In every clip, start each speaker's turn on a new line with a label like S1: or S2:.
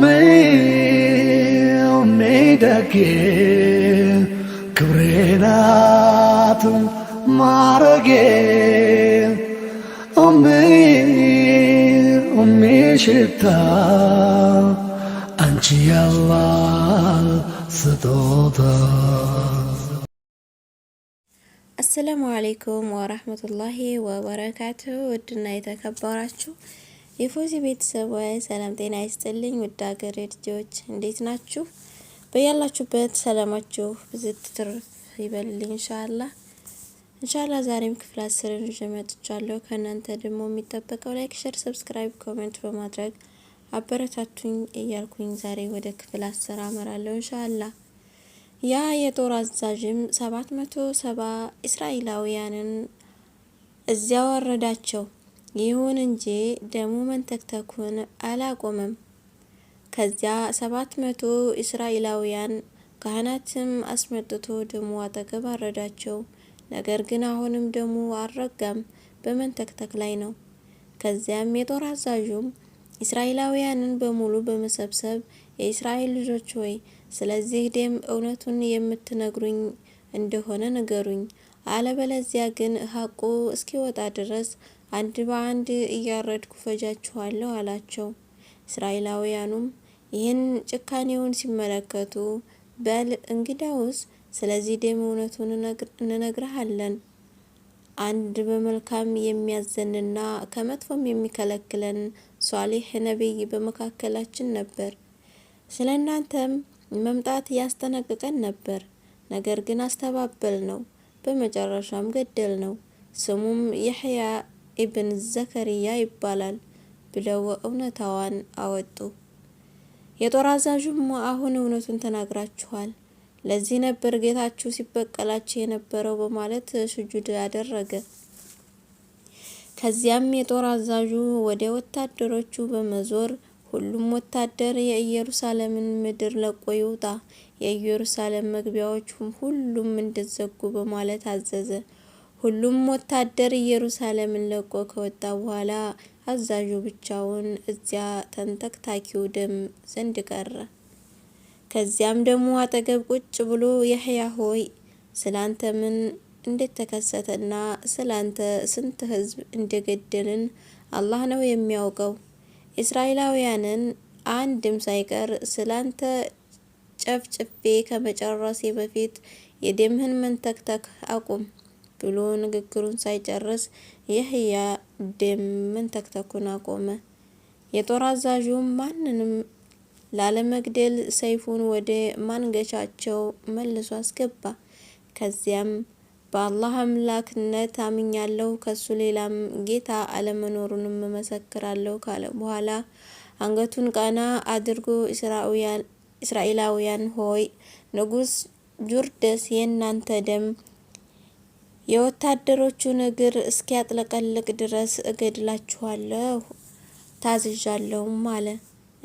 S1: ሜሜደጌ ክብሬናት ማረጌ ሽታ አንቺ ያላል ስጦታ።
S2: አሰላሙ አሌይኩም ወረህመቱላሂ ወበረካቱሁ። ውድና የተከበራችሁ የፎዚ ቤተሰቦች ሰላም ጤና ይስጥልኝ። ውድ ሀገሬ ልጆች እንዴት ናችሁ? በያላችሁበት ሰላማችሁ ብዝት ትርፍ ይበልልኝ። እንሻላ እንሻላ ዛሬም ክፍል አስርን ይዤ መጥቻለሁ። ከእናንተ ደግሞ የሚጠበቀው ላይክ፣ ሸር፣ ሰብስክራይብ፣ ኮሜንት በማድረግ አበረታቱኝ እያልኩኝ ዛሬ ወደ ክፍል አስር አመራለሁ እንሻላ ያ የጦር አዛዥም ሰባት መቶ ሰባ እስራኤላውያንን እዚያ ወረዳቸው። ይሁን እንጂ ደሙ መንተክተኩን አላቆመም። ከዚያ ሰባት መቶ እስራኤላውያን ካህናትም አስመጥቶ ደሙ አጠገብ አረዳቸው። ነገር ግን አሁንም ደሙ አልረጋም፣ በመንተክተክ ላይ ነው። ከዚያም የጦር አዛዡም እስራኤላውያንን በሙሉ በመሰብሰብ የእስራኤል ልጆች ሆይ ስለዚህ ደም እውነቱን የምትነግሩኝ እንደሆነ ንገሩኝ፣ አለበለዚያ ግን ሀቁ እስኪወጣ ድረስ አንድ በአንድ እያረድኩ ፈጃችኋለሁ አላቸው። እስራኤላውያኑም ይህን ጭካኔውን ሲመለከቱ በል እንግዳውስ ስለዚህ ደም እውነቱን እንነግረሃለን። አንድ በመልካም የሚያዘንና ከመጥፎም የሚከለክለን ሷሊህ ነቢይ በመካከላችን ነበር። ስለ እናንተም መምጣት ያስጠነቅቀን ነበር። ነገር ግን አስተባበል ነው። በመጨረሻም ገደል ነው። ስሙም የሕያ ኢብን ዘከርያ ይባላል ብለው እውነታዋን አወጡ። የጦር አዛዡም አሁን እውነቱን ተናግራችኋል፣ ለዚህ ነበር ጌታችሁ ሲበቀላቸው የነበረው በማለት ስጁድ አደረገ። ከዚያም የጦር አዛዡ ወደ ወታደሮቹ በመዞር ሁሉም ወታደር የኢየሩሳሌምን ምድር ለቆ ይውጣ፣ የኢየሩሳሌም መግቢያዎች ሁሉም እንዲዘጉ በማለት አዘዘ። ሁሉም ወታደር ኢየሩሳሌምን ለቆ ከወጣ በኋላ አዛዡ ብቻውን እዚያ ተንተክታኪው ደም ዘንድ ቀረ። ከዚያም ደሙ አጠገብ ቁጭ ብሎ የሕያ ሆይ ስላንተ ምን እንዴት ተከሰተና ስላንተ ስንት ህዝብ እንደገደልን አላህ ነው የሚያውቀው። እስራኤላውያንን አንድም ሳይቀር ስላንተ ጨፍጭፌ ከመጨረሴ በፊት የደምህን መንተክተክ አቁም። ብሎ ንግግሩን ሳይጨርስ የህያ ደምን መንተክተኩን አቆመ። የጦር አዛዡም ማንንም ላለመግደል ሰይፉን ወደ ማንገቻቸው መልሶ አስገባ። ከዚያም በአላህ አምላክነት አምኛለሁ ከሱ ሌላም ጌታ አለመኖሩንም መሰክራለሁ ካለ በኋላ አንገቱን ቀና አድርጎ እስራኤላውያን ሆይ ንጉስ ጁርደስ የእናንተ ደም የወታደሮቹን እግር እስኪያጥለቀልቅ ድረስ እገድላችኋለሁ ታዝዣለሁም አለ።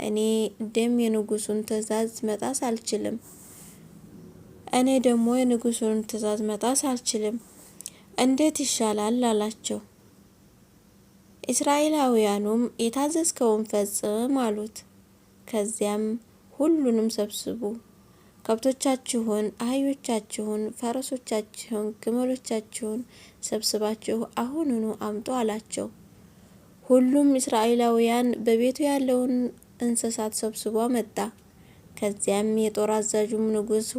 S2: እኔ ደም የንጉሱን ትዕዛዝ መጣስ አልችልም። እኔ ደግሞ የንጉሱን ትእዛዝ መጣስ አልችልም። እንዴት ይሻላል አላቸው። እስራኤላውያኑም የታዘዝከውን ፈጽም አሉት። ከዚያም ሁሉንም ሰብስቡ ከብቶቻችሁን፣ አህዮቻችሁን፣ ፈረሶቻችሁን፣ ግመሎቻችሁን ሰብስባችሁ አሁኑኑ አምጡ አላቸው። ሁሉም እስራኤላውያን በቤቱ ያለውን እንስሳት ሰብስቦ አመጣ። ከዚያም የጦር አዛዡም ንጉስ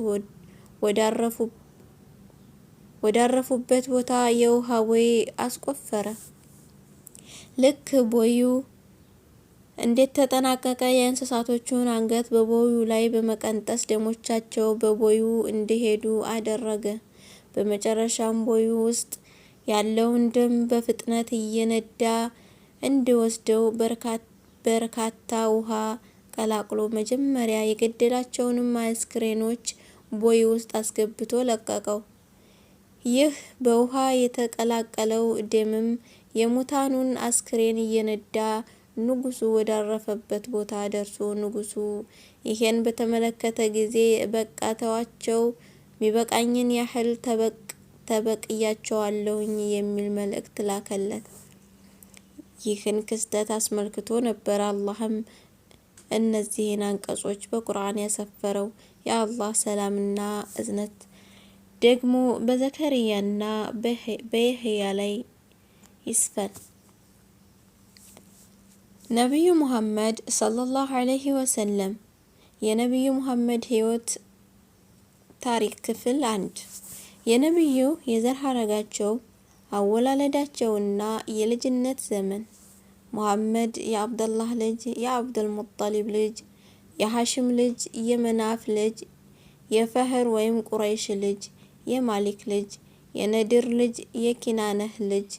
S2: ወዳረፉበት ቦታ የውሃ ቦይ አስቆፈረ። ልክ ቦዩ እንዴት ተጠናቀቀ? የእንስሳቶቹን አንገት በቦዩ ላይ በመቀንጠስ ደሞቻቸው በቦዩ እንዲሄዱ አደረገ። በመጨረሻም ቦዩ ውስጥ ያለውን ደም በፍጥነት እየነዳ እንዲወስደው በርካታ ውሃ ቀላቅሎ መጀመሪያ የገደላቸውንም አስክሬኖች ቦይ ውስጥ አስገብቶ ለቀቀው። ይህ በውሃ የተቀላቀለው ደምም የሙታኑን አስክሬን እየነዳ ንጉሱ ወዳረፈበት ቦታ ደርሶ ንጉሱ ይሄን በተመለከተ ጊዜ በቃ ተዋቸው፣ ሚበቃኝን ያህል ተበቅያቸዋለሁኝ የሚል መልእክት ላከለት። ይህን ክስተት አስመልክቶ ነበር አላህም እነዚህን አንቀጾች በቁርአን ያሰፈረው። የአላህ ሰላምና እዝነት ደግሞ በዘከሪያና በየህያ ላይ ይስፈን። ነቢዩ ሙሐመድ ሰለላሁ አለይሂ ወሰለም የነቢዩ ሙሐመድ ህይወት ታሪክ ክፍል አንድ የነቢዩ የዘር ሐረጋቸው አወላለዳቸውና የልጅነት ዘመን ሙሐመድ የአብደላህ ልጅ የአብዱል ሙጠሊብ ልጅ የሐሽም ልጅ የመናፍ ልጅ የፈህር ወይም ቁረይሽ ልጅ የማሊክ ልጅ የነድር ልጅ የኪናነህ ልጅ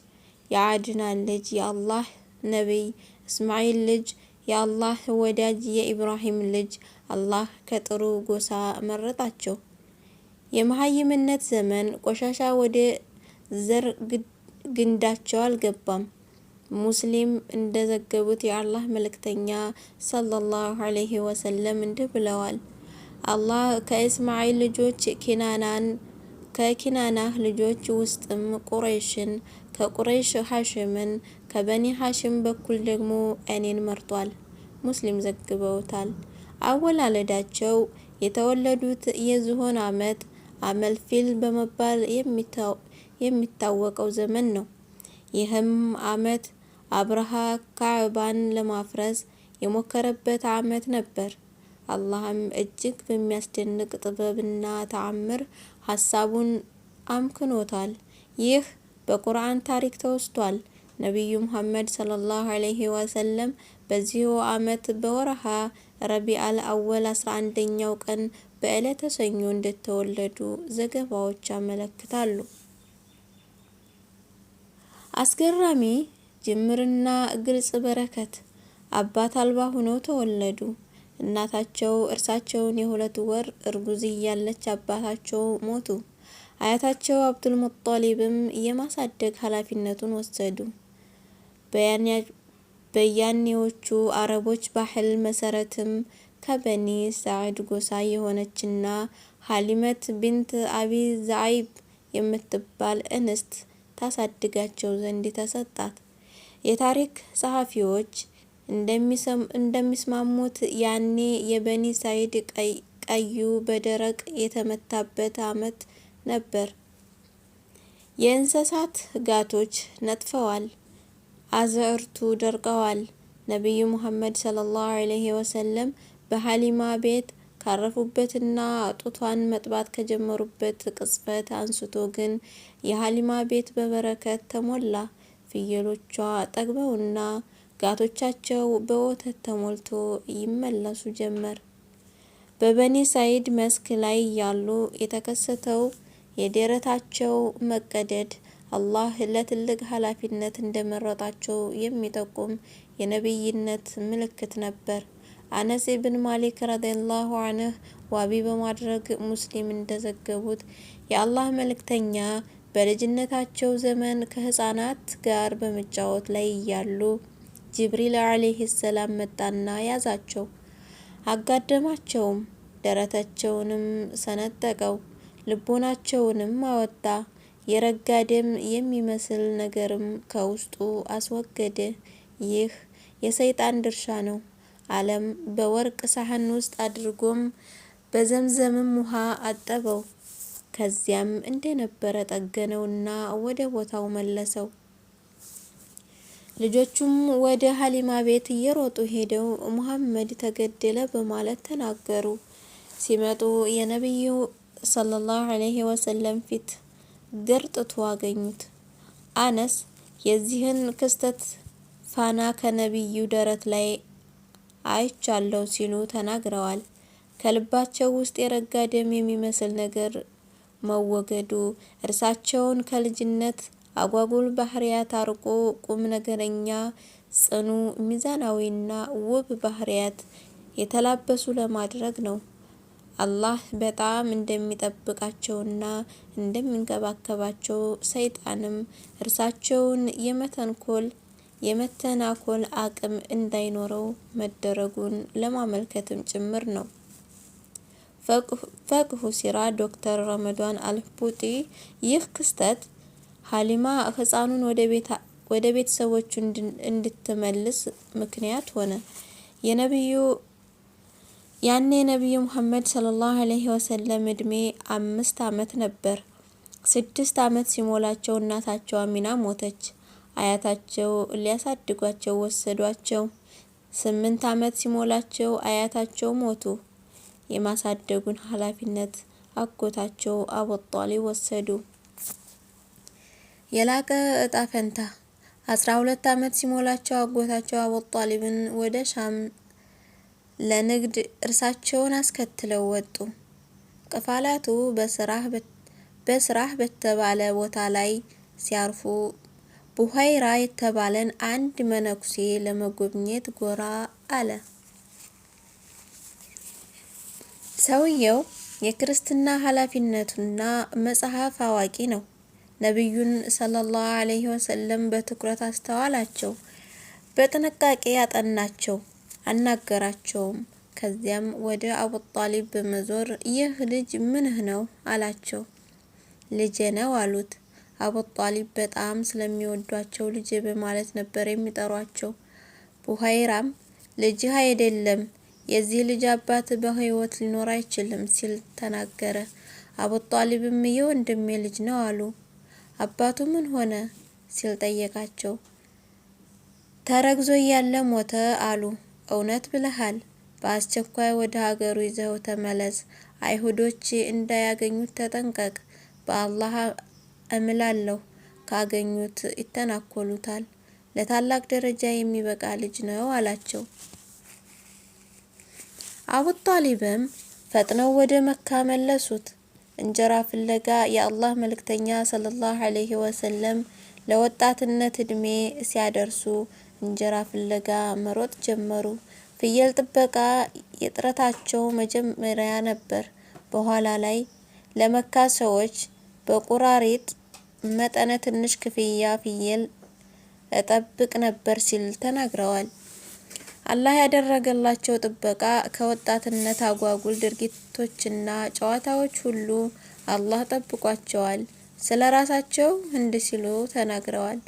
S2: የአድናን ልጅ የአላህ ነቢይ እስማኤል ልጅ የአላህ ወዳጅ የኢብራሂም ልጅ አላህ ከጥሩ ጎሳ መረጣቸው። የመሀይምነት ዘመን ቆሻሻ ወደ ዘር ግንዳቸው አልገባም። ሙስሊም እንደዘገቡት የአላህ መልእክተኛ ሰለላሁ ዐለይሂ ወሰለም እንዲህ ብለዋል። አላህ ከእስማኤል ልጆች ኪናናን፣ ከኪናናህ ልጆች ውስጥም ቁረይሽን፣ ከቁረይሽ ሐሽምን ከበኒ ሀሽም በኩል ደግሞ እኔን መርጧል። ሙስሊም ዘግበውታል። አወላለዳቸው የተወለዱት የዝሆን ዓመት ፊል በመባል የሚታወቀው ዘመን ነው። ይህም ዓመት አብርሃ ካዕባን ለማፍረስ የሞከረበት ዓመት ነበር። አላህም እጅግ በሚያስደንቅ ጥበብና ተአምር ሀሳቡን አምክኖታል። ይህ በቁርአን ታሪክ ተወስቷል። ነቢዩ ሙሐመድ ሰለላሁ ዐለይሂ ወሰለም በዚሁ ዓመት በወረሃ ረቢአል አወል 11ኛው ቀን በዕለተ ሰኞ እንደተወለዱ ዘገባዎች ያመለክታሉ። አስገራሚ ጅምርና ግልጽ በረከት አባት አልባ ሆነው ተወለዱ። እናታቸው እርሳቸውን የሁለት ወር እርጉዝ እያለች አባታቸው ሞቱ። አያታቸው አብዱል ሙጣሊብም የማሳደግ ኃላፊነቱን ወሰዱ። በያኔዎቹ አረቦች ባህል መሰረትም ከበኒ ሳዕድ ጎሳ የሆነችና ሀሊመት ቢንት አቢ ዛይብ የምትባል እንስት ታሳድጋቸው ዘንድ ተሰጣት። የታሪክ ጸሐፊዎች እንደሚስማሙት ያኔ የበኒ ሳይድ ቀዩ በደረቅ የተመታበት ዓመት ነበር። የእንስሳት ጋቶች ነጥፈዋል። አዝዕርቱ ደርቀዋል። ነቢዩ ሙሐመድ ሰለላሁ ዐለይሂ ወሰለም በሀሊማ ቤት ካረፉበትና ጡቷን መጥባት ከጀመሩበት ቅጽበት አንስቶ ግን የሀሊማ ቤት በበረከት ተሞላ። ፍየሎቿ ጠግበውና ጋቶቻቸው በወተት ተሞልቶ ይመለሱ ጀመር። በበኒ ሳይድ መስክ ላይ ያሉ የተከሰተው የደረታቸው መቀደድ አላህ ለትልቅ ኃላፊነት እንደመረጣቸው የሚጠቁም የነቢይነት ምልክት ነበር። አነስ ኢብን ማሊክ ረዲየላሁ አንህ ዋቢ በማድረግ ሙስሊም እንደዘገቡት የአላህ መልእክተኛ በልጅነታቸው ዘመን ከህፃናት ጋር በመጫወት ላይ እያሉ ጅብሪል ዓለይሂ ሰላም መጣና ያዛቸው፣ አጋደማቸውም፣ ደረታቸውንም ሰነጠቀው፣ ልቦናቸውንም አወጣ። የረጋ ደም የሚመስል ነገርም ከውስጡ አስወገደ። ይህ የሰይጣን ድርሻ ነው። ዓለም በወርቅ ሳህን ውስጥ አድርጎም በዘምዘምም ውሃ አጠበው። ከዚያም እንደነበረ ጠገነውና ወደ ቦታው መለሰው። ልጆቹም ወደ ሀሊማ ቤት እየሮጡ ሄደው ሙሐመድ ተገደለ በማለት ተናገሩ። ሲመጡ የነቢዩ ሰለላሁ ዐለይሂ ወሰለም ፊት ገርጥቶ አገኙት። አነስ የዚህን ክስተት ፋና ከነቢዩ ደረት ላይ አይቻለው ሲሉ ተናግረዋል። ከልባቸው ውስጥ የረጋ ደም የሚመስል ነገር መወገዱ እርሳቸውን ከልጅነት አጓጉል ባህሪያት አርቆ ቁም ነገረኛ፣ ጽኑ፣ ሚዛናዊና ውብ ባህሪያት የተላበሱ ለማድረግ ነው። አላህ በጣም እንደሚጠብቃቸውና እንደሚንከባከባቸው ሰይጣንም እርሳቸውን የመተንኮል የመተናኮል አቅም እንዳይኖረው መደረጉን ለማመልከትም ጭምር ነው። ፈቅሁ ሲራ ዶክተር ረመዷን አልቡጢ ይህ ክስተት ሀሊማ ህፃኑን ወደ ቤተሰቦቹ እንድትመልስ ምክንያት ሆነ። የነቢዩ ያኔ ነቢዩ ሙሐመድ ሰለላሁ አለይሂ ወሰለም እድሜ አምስት አመት ነበር። ስድስት አመት ሲሞላቸው እናታቸው አሚና ሞተች። አያታቸው ሊያሳድጓቸው ወሰዷቸው። ስምንት አመት ሲሞላቸው አያታቸው ሞቱ። የማሳደጉን ኃላፊነት አጎታቸው አቡ ወሰዱ። የላቀ እጣ ፈንታ አስራ ሁለት ሲሞላቸው አጎታቸው አቡ ወደ ሻም ለንግድ እርሳቸውን አስከትለው ወጡ። ቅፋላቱ በስራህ በተባለ ቦታ ላይ ሲያርፉ ቡሃይራ የተባለን አንድ መነኩሴ ለመጎብኘት ጎራ አለ። ሰውየው የክርስትና ኃላፊነቱና መጽሐፍ አዋቂ ነው። ነቢዩን ሰለላሁ ዐለይሂ ወሰለም በትኩረት አስተዋላቸው፣ በጥንቃቄ ያጠናቸው። አናገራቸውም። ከዚያም ወደ አቡጣሊብ በመዞር ይህ ልጅ ምንህ ነው አላቸው። ልጄ ነው አሉት። አቡጣሊብ በጣም ስለሚወዷቸው ልጄ በማለት ነበር የሚጠሯቸው። ቡሀይራም ልጅህ አይደለም የዚህ ልጅ አባት በህይወት ሊኖር አይችልም ሲል ተናገረ። አቡጣሊብም የወንድሜ ልጅ ነው አሉ። አባቱ ምን ሆነ ሲል ጠየቃቸው። ተረግዞ እያለ ሞተ አሉ። እውነት ብለሃል። በአስቸኳይ ወደ ሀገሩ ይዘው ተመለስ። አይሁዶች እንዳያገኙት ተጠንቀቅ። በአላህ እምላለሁ ካገኙት ይተናኮሉታል። ለታላቅ ደረጃ የሚበቃ ልጅ ነው አላቸው። አቡ ጣሊብም ፈጥነው ወደ መካ መለሱት። እንጀራ ፍለጋ የአላህ መልእክተኛ ሰለላሁ ዐለይሂ ወሰለም ለወጣትነት እድሜ ሲያደርሱ እንጀራ ፍለጋ መሮጥ ጀመሩ። ፍየል ጥበቃ የጥረታቸው መጀመሪያ ነበር። በኋላ ላይ ለመካ ሰዎች በቁራሪት መጠነ ትንሽ ክፍያ ፍየል እጠብቅ ነበር ሲል ተናግረዋል። አላህ ያደረገላቸው ጥበቃ ከወጣትነት አጓጉል ድርጊቶችና ጨዋታዎች ሁሉ አላህ ጠብቋቸዋል። ስለ ራሳቸው ህንድ ሲሉ ተናግረዋል።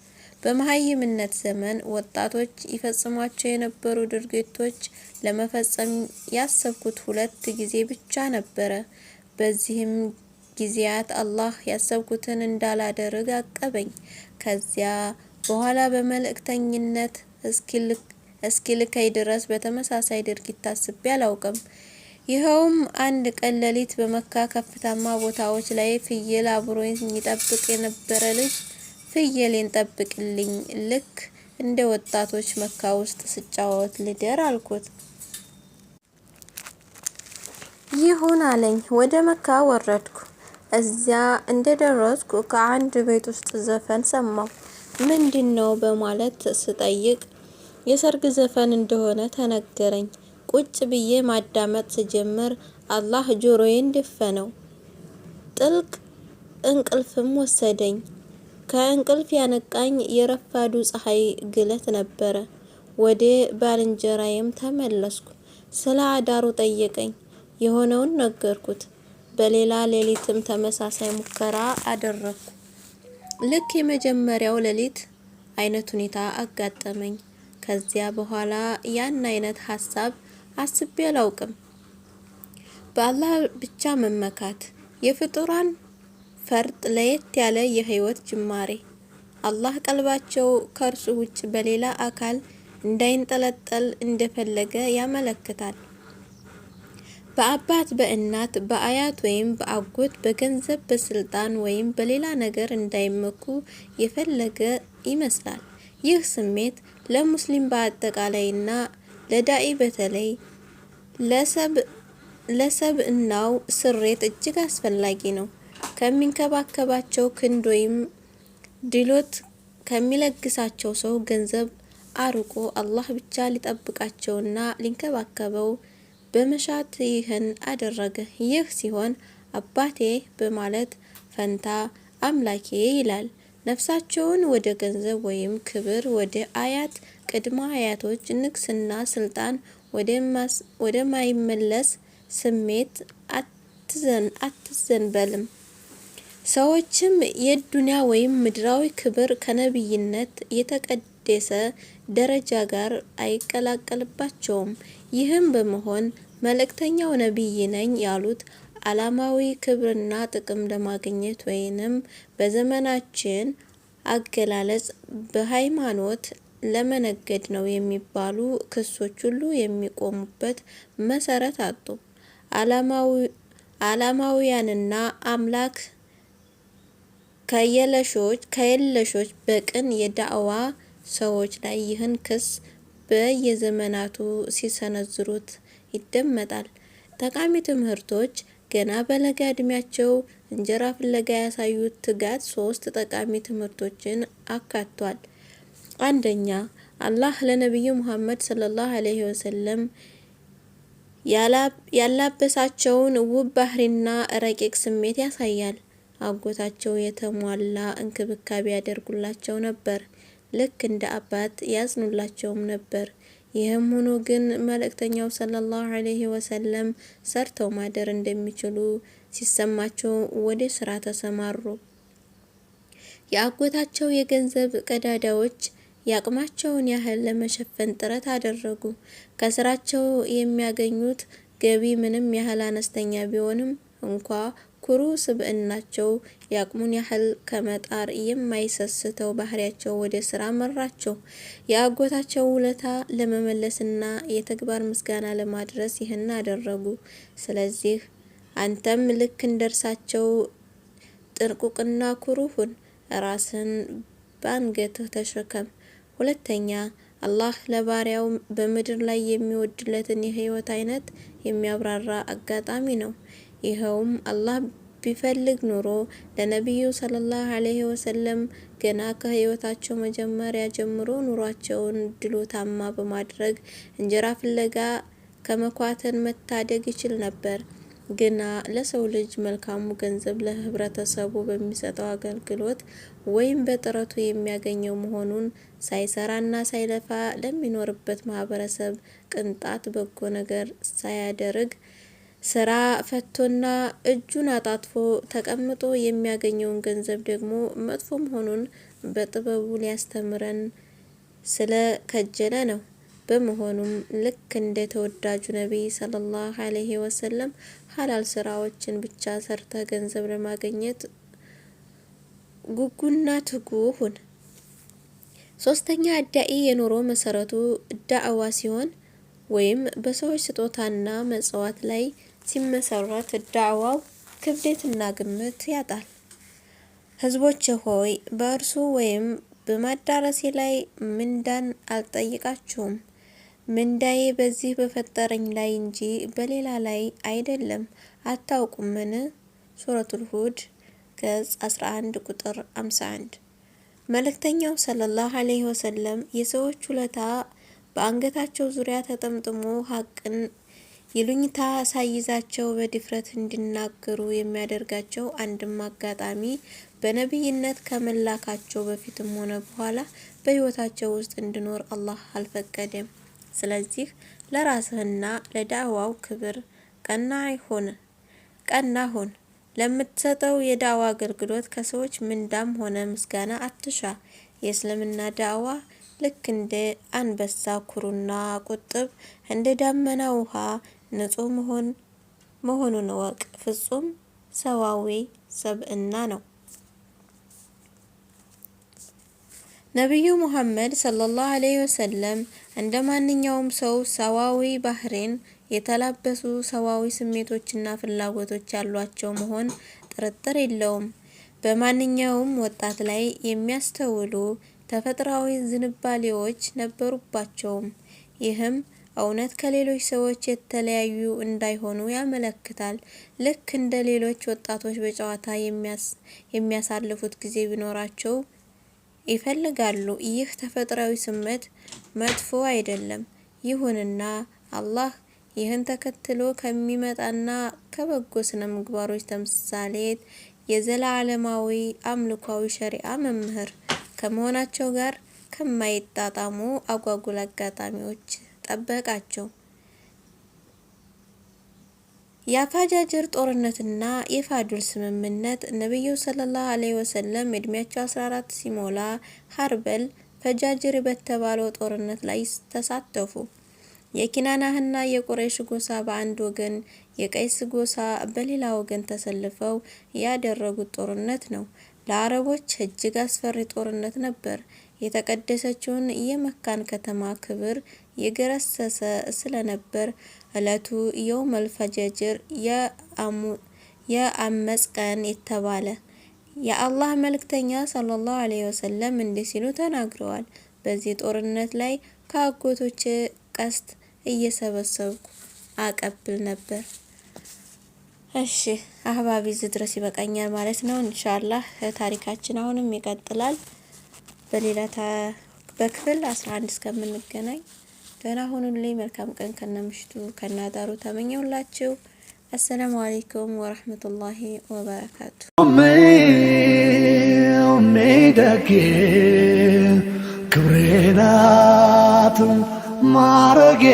S2: በመሀይምነት ዘመን ወጣቶች ይፈጽሟቸው የነበሩ ድርጊቶች ለመፈጸም ያሰብኩት ሁለት ጊዜ ብቻ ነበረ። በዚህም ጊዜያት አላህ ያሰብኩትን እንዳላደርግ አቀበኝ። ከዚያ በኋላ በመልእክተኝነት እስኪልከኝ ድረስ በተመሳሳይ ድርጊት ታስቤ አላውቅም። ይኸውም አንድ ቀን ሌሊት በመካ ከፍታማ ቦታዎች ላይ ፍየል አብሮኝ ሚጠብቅ የነበረ ልጅ ፍየሌን ጠብቅልኝ፣ ልክ እንደ ወጣቶች መካ ውስጥ ስጫወት ልደር አልኩት። ይሁን አለኝ። ወደ መካ ወረድኩ። እዚያ እንደደረስኩ ከአንድ ቤት ውስጥ ዘፈን ሰማሁ። ምንድን ነው በማለት ስጠይቅ የሰርግ ዘፈን እንደሆነ ተነገረኝ። ቁጭ ብዬ ማዳመጥ ስጀምር አላህ ጆሮዬን ደፈነው። ጥልቅ እንቅልፍም ወሰደኝ። ከእንቅልፍ ያነቃኝ የረፋዱ ፀሐይ ግለት ነበረ። ወደ ባልንጀራዬም ተመለስኩ። ስለ አዳሩ ጠየቀኝ። የሆነውን ነገርኩት። በሌላ ሌሊትም ተመሳሳይ ሙከራ አደረግኩ። ልክ የመጀመሪያው ሌሊት አይነት ሁኔታ አጋጠመኝ። ከዚያ በኋላ ያን አይነት ሀሳብ አስቤ አላውቅም። በአላህ ብቻ መመካት የፍጡራን ፈርጥ ለየት ያለ የህይወት ጅማሬ አላህ ቀልባቸው ከእርሱ ውጭ በሌላ አካል እንዳይንጠለጠል እንደፈለገ ያመለክታል። በአባት፣ በእናት፣ በአያት ወይም በአጎት፣ በገንዘብ፣ በስልጣን ወይም በሌላ ነገር እንዳይመኩ የፈለገ ይመስላል። ይህ ስሜት ለሙስሊም በአጠቃላይና ለዳኢ በተለይ ለሰብ እናው ስሬት እጅግ አስፈላጊ ነው። ከሚንከባከባቸው ክንድ ወይም ድሎት ከሚለግሳቸው ሰው ገንዘብ አርቆ አላህ ብቻ ሊጠብቃቸውና ሊንከባከበው በመሻት ይህን አደረገ። ይህ ሲሆን አባቴ በማለት ፈንታ አምላኬ ይላል። ነፍሳቸውን ወደ ገንዘብ ወይም ክብር፣ ወደ አያት ቅድመ አያቶች ንግስና ስልጣን ወደማይመለስ ስሜት አትዘንበልም። ሰዎችም የዱንያ ወይም ምድራዊ ክብር ከነቢይነት የተቀደሰ ደረጃ ጋር አይቀላቀልባቸውም። ይህም በመሆን መልእክተኛው ነቢይ ነኝ ያሉት ዓላማዊ ክብርና ጥቅም ለማግኘት ወይንም በዘመናችን አገላለጽ በሃይማኖት ለመነገድ ነው የሚባሉ ክሶች ሁሉ የሚቆሙበት መሰረት አጡ። ዓላማውያንና አምላክ ከየለሾች በቅን የዳዕዋ ሰዎች ላይ ይህን ክስ በየዘመናቱ ሲሰነዝሩት ይደመጣል። ጠቃሚ ትምህርቶች ገና በለጋ እድሜያቸው እንጀራ ፍለጋ ያሳዩት ትጋት ሶስት ጠቃሚ ትምህርቶችን አካቷል። አንደኛ አላህ ለነቢዩ ሙሐመድ ሰለላሁ ዐለይሂ ወሰለም ያላበሳቸውን ውብ ባህሪና ረቂቅ ስሜት ያሳያል። አጎታቸው የተሟላ እንክብካቤ ያደርጉላቸው ነበር። ልክ እንደ አባት ያዝኑላቸውም ነበር። ይህም ሆኖ ግን መልእክተኛው ሰለላሁ ዐለይሂ ወሰለም ሰርተው ማደር እንደሚችሉ ሲሰማቸው ወደ ስራ ተሰማሩ። የአጎታቸው የገንዘብ ቀዳዳዎች የአቅማቸውን ያህል ለመሸፈን ጥረት አደረጉ። ከስራቸው የሚያገኙት ገቢ ምንም ያህል አነስተኛ ቢሆንም እንኳ ኩሩ ስብእናቸው የአቅሙን ያህል ከመጣር የማይሰስተው ባህሪያቸው ወደ ስራ መራቸው። የአጎታቸው ውለታ ለመመለስና የተግባር ምስጋና ለማድረስ ይህን አደረጉ። ስለዚህ አንተም ልክ እንደርሳቸው ጥንቁቅና ኩሩ ሁን። ራስን በአንገትህ ተሸከም። ሁለተኛ አላህ ለባሪያው በምድር ላይ የሚወድለትን የህይወት አይነት የሚያብራራ አጋጣሚ ነው። ይኸውም አላህ ቢፈልግ ኑሮ ለነቢዩ ሰለላሁ ዐለይሂ ወሰለም ገና ከህይወታቸው መጀመሪያ ጀምሮ ኑሯቸውን ድሎታማ በማድረግ እንጀራ ፍለጋ ከመኳተን መታደግ ይችል ነበር። ግና ለሰው ልጅ መልካሙ ገንዘብ ለህብረተሰቡ በሚሰጠው አገልግሎት ወይም በጥረቱ የሚያገኘው መሆኑን ሳይሰራና ሳይለፋ ለሚኖርበት ማህበረሰብ ቅንጣት በጎ ነገር ሳያደርግ ስራ ፈቶና እጁን አጣጥፎ ተቀምጦ የሚያገኘውን ገንዘብ ደግሞ መጥፎ መሆኑን በጥበቡ ሊያስተምረን ስለ ከጀለ ነው። በመሆኑም ልክ እንደ ተወዳጁ ነቢይ ሰለላሁ ዐለይሂ ወሰለም ሀላል ስራዎችን ብቻ ሰርተ ገንዘብ ለማግኘት ጉጉና ትጉ ሁን። ሶስተኛ አዳኢ የኑሮ መሰረቱ ዳዕዋ ሲሆን ወይም በሰዎች ስጦታና መጽዋት ላይ ሲመሰረት ዳዕዋው ክብደትና ግምት ያጣል። ሕዝቦች ሆይ በእርሱ ወይም በማዳረሴ ላይ ምንዳን አልጠይቃችሁም። ምንዳዬ በዚህ በፈጠረኝ ላይ እንጂ በሌላ ላይ አይደለም አታውቁምን? ሱረቱል ሁድ ገጽ 11 ቁጥር 51። መልእክተኛው ሰለላሁ ዐለይሂ ወሰለም የሰዎች ውለታ በአንገታቸው ዙሪያ ተጠምጥሞ ሀቅን ይሉኝታ ሳይዛቸው በድፍረት እንዲናገሩ የሚያደርጋቸው አንድም አጋጣሚ በነቢይነት ከመላካቸው በፊትም ሆነ በኋላ በህይወታቸው ውስጥ እንዲኖር አላህ አልፈቀደም። ስለዚህ ለራስህና ለዳዕዋው ክብር ቀና ሁን። ለምትሰጠው የዳዋ አገልግሎት ከሰዎች ምንዳም ሆነ ምስጋና አትሻ። የእስልምና ዳዕዋ ልክ እንደ አንበሳ ኩሩና ቁጥብ፣ እንደ ደመና ውሃ ንጹህ መሆን መሆኑን እወቅ። ፍጹም ሰዋዊ ሰብዕና ነው። ነቢዩ ሙሐመድ ሰለላሁ ዐለይሂ ወሰለም እንደ ማንኛውም ሰው ሰዋዊ ባህሪን የተላበሱ ሰዋዊ ስሜቶችና ፍላጎቶች ያሏቸው መሆን ጥርጥር የለውም። በማንኛውም ወጣት ላይ የሚያስተውሉ ተፈጥሯዊ ዝንባሌዎች ነበሩባቸውም። ይህም እውነት ከሌሎች ሰዎች የተለያዩ እንዳይሆኑ ያመለክታል። ልክ እንደ ሌሎች ወጣቶች በጨዋታ የሚያሳልፉት ጊዜ ቢኖራቸው ይፈልጋሉ። ይህ ተፈጥሯዊ ስሜት መጥፎ አይደለም። ይሁንና አላህ ይህን ተከትሎ ከሚመጣና ከበጎ ስነ ምግባሮች ተምሳሌት የዘላለማዊ አምልኳዊ ሸሪዓ መምህር ከመሆናቸው ጋር ከማይጣጣሙ አጓጉል አጋጣሚዎች ጠበቃቸው። የአፋጃጅር ጦርነትና የፋጁል ስምምነት ነቢዩ ሰለላሁ አለይሂ ወሰለም እድሜያቸው 14 ሲሞላ ሀርበል ፈጃጅር በተባለው ጦርነት ላይ ተሳተፉ። የኪናናህና የቁረይሽ ጎሳ በአንድ ወገን፣ የቀይስ ጎሳ በሌላ ወገን ተሰልፈው ያደረጉት ጦርነት ነው። ለአረቦች እጅግ አስፈሪ ጦርነት ነበር። የተቀደሰችውን የመካን ከተማ ክብር የገረሰሰ ስለነበር ዕለቱ የውም አልፈጀጅር የአመፅ ቀን የተባለ። የአላህ መልእክተኛ ሰለላሁ ዐለይሂ ወሰለም እንዲህ ሲሉ ተናግረዋል። በዚህ ጦርነት ላይ ከአጎቶች ቀስት እየሰበሰብኩ አቀብል ነበር። እሺ አህባቢ ዝድረስ ይበቃኛል ማለት ነው። ኢንሻአላህ ታሪካችን አሁንም ይቀጥላል። በሌላ በክፍል 11 እስከምንገናኝ ደህና ሁኑልኝ። መልካም ቀን ከነምሽቱ ከናዳሩ ተመኘሁላችሁ። አሰላሙ አለይኩም ወራህመቱላሂ ወበረካቱ።
S1: ደጌ ክብሬ ናት ማረጌ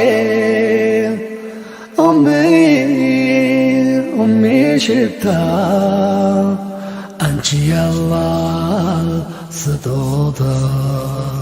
S1: ሽታ አንቺ ያላ 活動だ